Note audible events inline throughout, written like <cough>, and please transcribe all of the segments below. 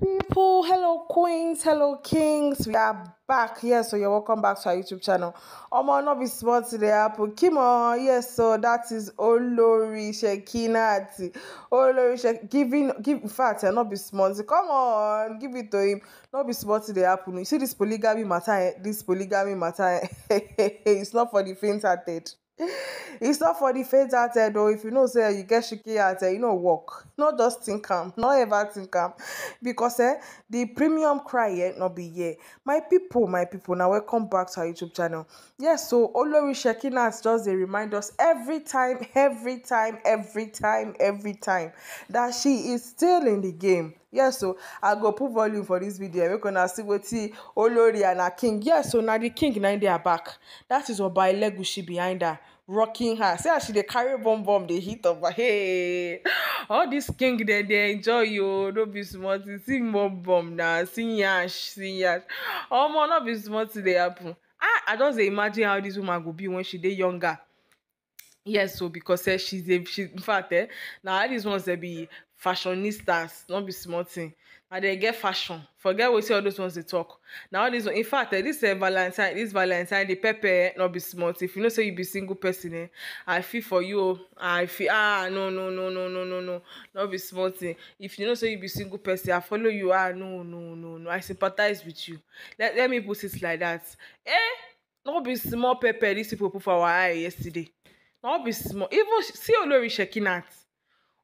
people hello queens hello kings we are back yes so you're welcome back to our youtube channel omo no be smart today apple kimo yes so that is olori shekinat olori Shek giving give in fact yeah, not be small come on give it to him not be smart today apple you see this polygamy matter eh? this polygamy matter eh? <laughs> it's not for the faint-hearted it's not for the faint hearted though. if you know say you get shaky heart eh, you know work Not just think am no ever think am because eh the premium cry yet eh, not be here my people my people Now welcome back to our youtube channel yes so olori shekinat just dey remind us every time every time every time every time that she is still in the game yes so i go put volume for this video make una see wetin olori and her king yes so na the king na im dey her back That is oba elegushi behind her rocking her see as she dey carry bomb bomb dey hit oba hey all dis king dem dey enjoy o no be small thing see bomb bomb na see yansh see yansh omo no be small thing dey happen i i just dey imagine how this woman go be when she dey younger yes so because eh, she's a she in fact eh, Now all these ones they be fashionistas not be smarting. Now they get fashion forget wetin all those ones they talk Now all these in fact eh, this eh, valentine this valentine the pepper eh, not be small if you know say you be single person eh, i feel for you oh. i feel ah no no no no no no no no be smarting. if you know say you be single person i follow you ah no no no no i sympathize with you let, let me put it like that eh not be small pepper these people put for our eye yesterday all be small even see olori shekinat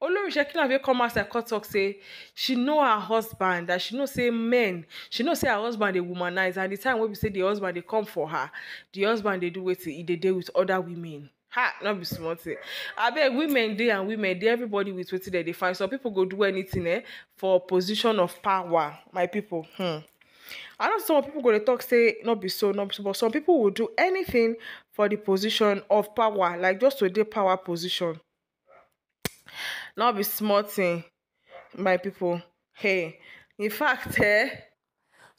olori shekinat wey come outside come talk say she know her husband That she know say men she know say her husband dey womanize and the time wey be say the husband dey come for her the husband dey do wetin e dey dey with other women ha no be small thing abeg women dey and women dey everybody with wetin dem dey find some people go do anything eh for position of power my people hmm. i know some people go dey talk say no be so no be so but some people will do anything for the position of power like just to the power position no be small my people hey in fact <laughs> eh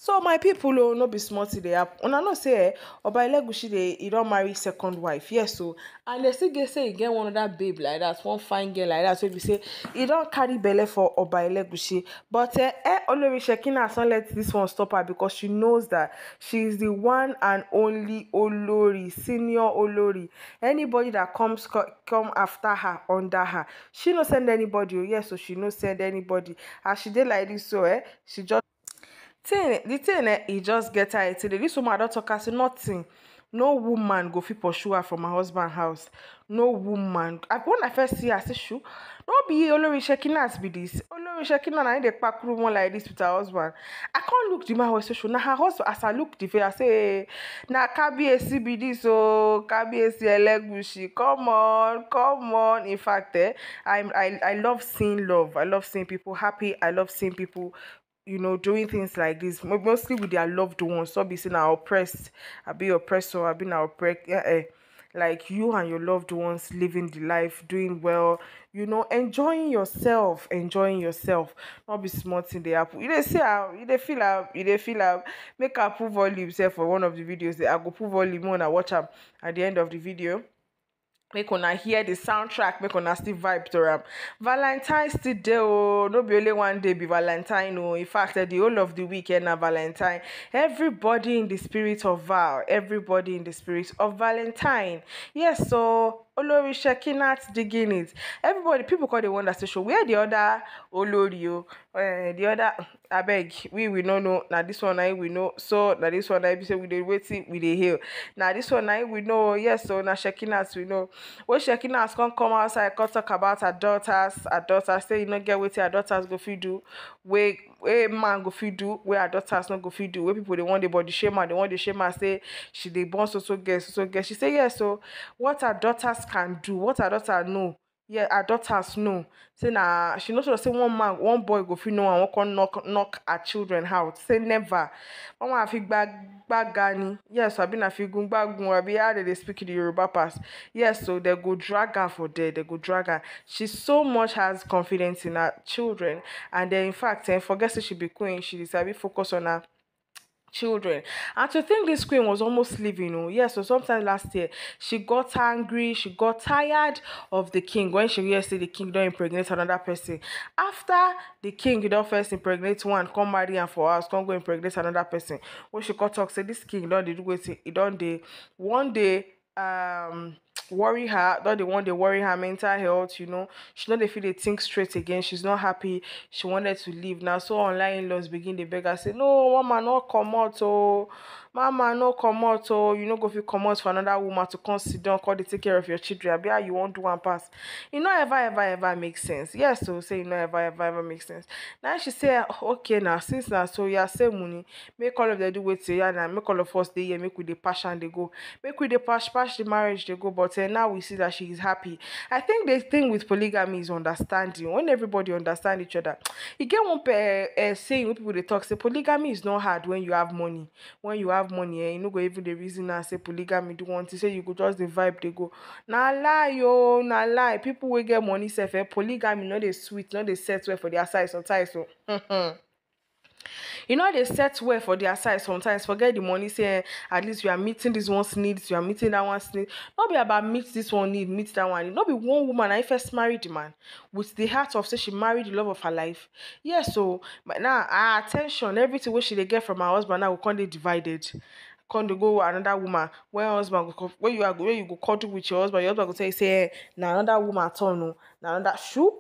so my people, will oh, not be small tin dey happen una know say eh, oba elegushi don't marry second wife yes so oh. and they still get say get one that babe like that's one fine girl like dat wey you say don't carry belle for oba elegushi but eh, eh has not let this one stop her because she knows that she is the one and only olori senior olori anybody that comes come after her under her she no send anybody oh. yes so she no send anybody as she did like this. so eh she just thing the thing eh he just get her head today this woman i don talk her nothing no woman go fit pursue her from her husband house no woman i when i first see her I say shu no be only olori shekinat be this Only olori shekinat na him dey kpakuru one like this with her husband i can't look the man wey social shu na her husband as i look the face i say hey, na kabiyesi be this oo oh, leg bushy. come on come on in fact eh I'm i i love seeing love i love seeing people happy i love seeing people you know, doing things like this, mostly with their loved ones. So be saying, I oppressed, I will be oppressor, I been oppressed. Yeah, uh-uh. eh. Like you and your loved ones living the life, doing well, you know, enjoying yourself, enjoying yourself. Not be smarting the apple. You see. say, you feel up, you don't feel up. Make a pull volume say for one of the videos. I go pull volume when I watch up at the end of the video. make una hear the soundtrack make una still vibe to am valentine still dey o no be only one day be valentine Oh! in fact eh, the whole of the weekend eh, na valentine everybody in the spirit of val everybody in the spirit of valentine yes so olori shekinat digging it everybody people call the one that station where the other olori uh, the other beg, we we no know Now this one I we know so now this one I be say we dey wetin we dey hear. Now this one I we know yes so checking shekinat we know when shekinat come come outside come talk about her daughters her daughters say you no get with her daughters go feed do we wey man go fit do wey her daughters no go feed do wey people they want the body shame her They want the shame her say she dey born so so girl so so girl she say yes so, what her daughters can do what her daughter know yeah her daughters know say now she no sure say one man one boy go fit know one walk on knock knock her children out say never Mama, I feel bad, bad gani. yes I abi na fi gun gbagun be how they speak speak the yoruba pass yes so they go drag her for there they go drag her. she so much has confidence in her children and then in fact and eh, forget she be queen she dey be focus on her children. And to think this queen was almost leaving, oh, yeah, so sometime last year, she got angry, she got tired of the king when she realized the king don't impregnate another person. After the king, you don't first impregnate one, come marry and for us, come go impregnate another person. When she got talk, say this king don't do it, he don't day. One day, um worry her not the one they worry her mental health you know she not they feel they think straight again she's not happy she wanted to leave now so online laws begin they beg her say no woman not come out oh Mama, no no out, oh you no go come out for another woman to come sit down take care of your children Be how you won't do am pass e no ever ever ever makes sense yes so oh, say e no ever ever ever makes sense Now she say okay now since now, so yeah, save money make all of dem do with you na make all of us they make with the passion they go make with the passion, pash the marriage they go but uh, now we see that she is happy i think the thing with polygamy is understanding when everybody understand each other you get one uh, uh, saying wey people they talk say polygamy is not hard when you have money when you have money e, eh? ino go even de reason na se poligami di wanti, se you go just de vibe, de go na lay yo, oh, na lay people wey gen money sefe, eh, poligami non de sweet, non de set wey for di asay son tay so, hmm hmm you know they set well for their size. sometimes forget the money say at least you are meeting this one's needs you are meeting that one's needs. not be about meet this one need meet that one not be one woman i first married the man with the heart of say she married the love of her life yeah so but now our attention everything what she they get from her husband now we come they divided come to go another woman when husband when you are when you go cuddle with your husband your husband go tell say eh, now another woman turn no now another shoe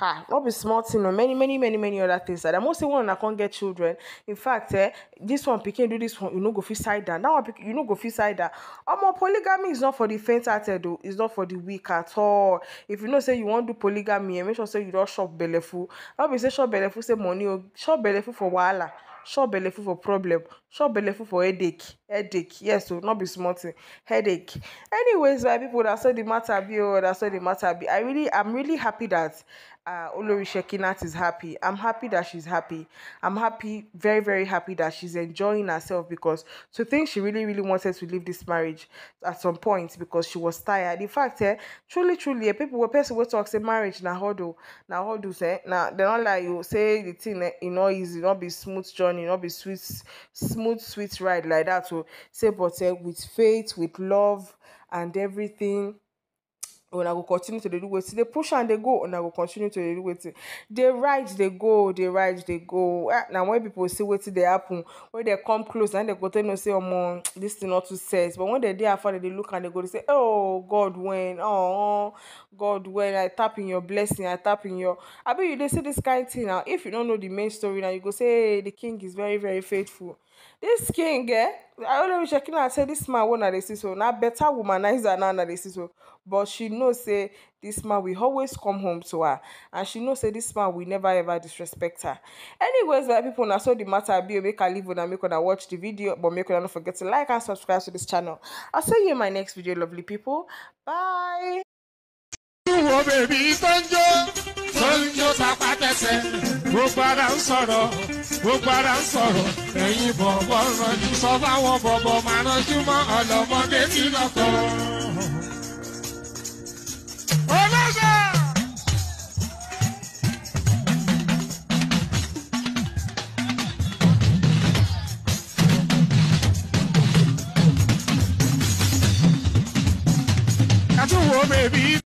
ah no be small thing o many many many many other things like that most say one una come get children in fact eh this one pikin do this one you no go fit side down that one pikin you no go fit side down omo polygamy is not for the faint hearted o oh. it's not for the weak at all if you know say you wan do polygamy eh make sure say you don chop belleful no be say chop belleful say money o oh. chop belleful for wahala chop belleful for problem Short belle for headache headache yes o oh, not be smooth. headache anyways my people that saw the matter be oh that saw the matter be i really i'm really happy that uh olori shekinat is happy i'm happy that she's happy i'm happy very very happy that she's enjoying herself because to think she really really wanted to leave this marriage at some point because she was tired in fact eh, truly truly eh, people were person will talk say marriage na now na huddle say eh, now they don't like you say the thing eh, you know easy not be smooth journey not be sweet smooth smooth, sweet ride like that. So oh. say, but uh, with faith, with love, and everything. When I will continue to do it. they push and they go, and I will continue to do it. They ride, they go, they ride, they go. Ah, now when people see waiting, they happen. When they come close and they go, they say, "Oh man, this thing not too serious." But when they there after they look and they go, they say, "Oh God, when oh God, when I tap in your blessing, I tap in your." I bet you they say this kind of thing now. If you don't know the main story, now you go say, hey, "The king is very, very faithful." This king eh, I only Olori Shekinah say this man wey una dey see so na better womanizer na una dey see so but she know say this man will always come home to her and she know say this man will never ever disrespect her. Anyways my people now so the matter be o make I leave una make una watch the video but make una no forget to like and subscribe to this channel. I'll see you in my next video lovely people. Bye tó tapá tẹsẹ̀ gbogbo ara ń sọ̀rọ̀ gbogbo ara ń sọ̀rọ̀ ẹ̀yin bọ̀bọ̀ rànjú sọ fáwọn bọ̀bọ̀ máa rànjú mọ́ ọlọ́mọdé tí lọ́kọ̀. olóṣè. I do want baby.